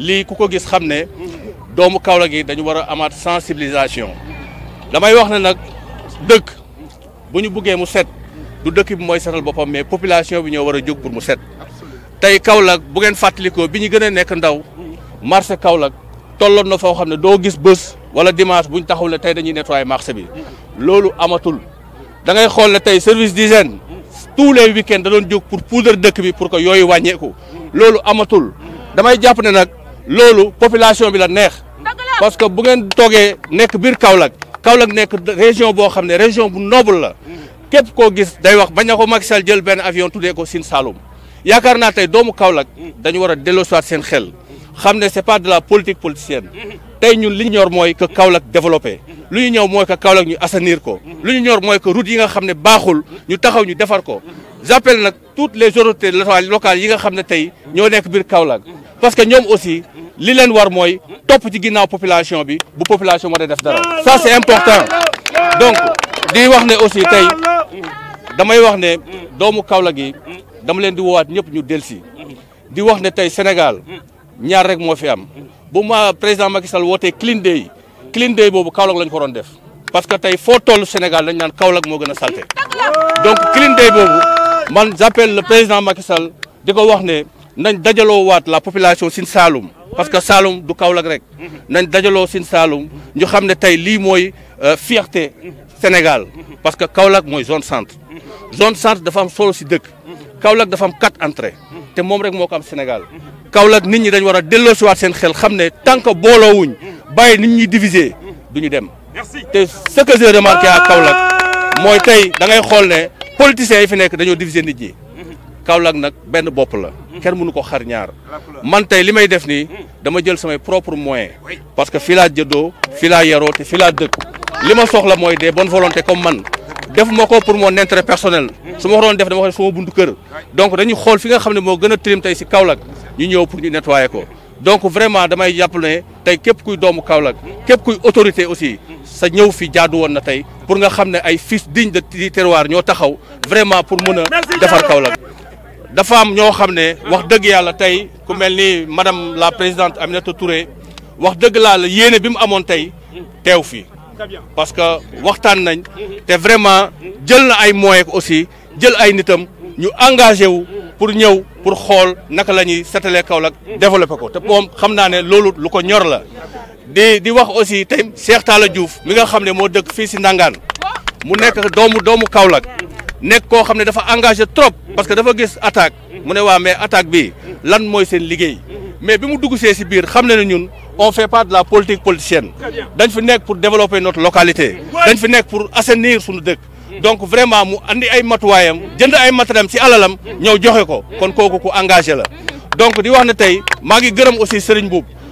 lii ku ko gis xam ne doomu Kaolack yi dañu war a amaat sensibilisation damay wax ne nag dëkk bu ñu buggee mu set du dëkk bi mooy setal boppam mais population bi ñoo war a jóg pour mu set tey Kaolack bu ngeen fàttalikoo bi ñu gën a nekk ndaw marché Kaolack tolloon na foo xam ne doo gis bës wala dimanche bu ñu taxaw ne tey dañuy nettoyer marché bi loolu amatul da ngay xool ne tey service di tous les le ends da jóg pour poudre dëkk bi pour que yooyu wàññeeku loolu amatul damay jàpp ne nag loolu population bi la neex parce que bu ngeen toogee nekk bir Kaolack Kaolack nekk région bo xamné région bu noble la kep ko gis day wax bañ ko Macky Sall jël ben avion tuddee ko Sine Saloum yaakaar naa tey doomu Kaolack dañu wara a delloosiwaat xel xamné c'est pas de la politique politicienne tay ñun li ñor moy que Kaolack développé lu ñu ñëw moy que Kaolack ñu assainir ko lu ñu ñor moy que route yi nga xamné baxul ñu taxaw ñu défar ko j'appelle nak toutes les autorités locales yi nga xamné tay ñoo nekk bir Kaolack parce que ñom aussi li leen war mooy topp ci ginnaaw population bi bu population war a def dara ça c'est important donc di wax ne aussi tey damay wax ne doomu Kaolack gi dama leen di woowaat ñëpp ñu delsi di wax ne tey Sénégal ñaar rek moo fi am bu ma président Macky Sall wootee clean day clean day boobu Kaolack lañ ko doon def parce que tey foo tollu Sénégal dañ naan Kaolack moo gën a salté donc clean day boobu man j'appelle le président Macky Sall di ko wax ne nañ dajaloo waat la population Sine Saloum parce que Saloum du Kaolack rek mhm. nañ dajalo sin Saloum ñu xamné tay li moy euh, fierté Sénégal mhm. parce que Kaolack moy zone centre mhm. zone centre dafa am solo ci deuk Kaolack dafa am quatre entrées té mom rek moko am Sénégal Kaolack nit ñi dañ wara délo ci wat seen xel xamné tant que wuñ bàyyi nit ñi diviser duñu ñu dem té ce que j'ai remarqué à Kaolack ah. moy tay da ngay xol ne politiciens yi fi nek dañoo diviser nit ñi Kaolack nak benn bop la hmm. kenn mënu ko xar ñaar man tay limay def ni hmm. dama jël samay propre moyen parce que fii laa jëddoo fii te fii laa lima soxla moy des bonnes volontés comme man def mako pour mon intérêt personnel hmm. suma ma def dama ko suma buntu kër donc dañuy xol fi nga xamné mo gëna trim tay ci tey Kaolack ñu ñëw pour ñu nettoyer ko donc vraiment damay japp né tay képp kuy doomu Kaolack képp kuy autorité aussi sa ñëw fi jaadu won na tay pour nga xamné ay fils digne de terroir ñoo taxaw vraiment pour mëna défar defar Kaolack dafa femme ñoo wax dëgg yalla tay ku madame la présidente Aminata Touré wax la yéene bi mu parce que nous nañ té vraiment jël na ay moyens aussi jël ay nitam nous engagé wu pour nous pour xool naka pour nous, pour Kaolack pour ko té nous, pour lu ñor la di wax aussi tay Cheikh Diouf mi nga mu doomu doomu nek ko xamne dafa engager trop parce que dafa gis attaque mu ne waa mais attaque bi lan moy sen liguey mais bimu dugg see ci bir xam na ne ñun on fait pas de la politique politicienne dañ fi nek pour développer notre localité dañ fi nek pour assainir suñu dëkk donc vraiment mu andi ay matuwaayam jënd ay matériel ci alalam ñew joxé ko kon koku ko engager la donc di wax ne tay magi ngi aussi Serigne Boub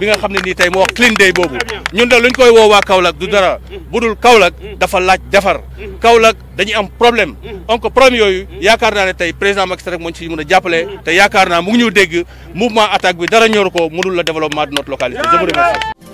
bi nga xam ne nii tey moo wax clean day boobu ñun da luñ koy woo waa Kaolack du dara budul Kaolack dafa laaj defar Kaolack dañuy am problème donc problème yooyu yaakaar naa ne tey président Macky Sall rek moo ci mën a jàppale te yaakaar naa mu ngi ñu dégg mouvement attaque bi dara ñor ko mënul la développement de notre localité je vous remercie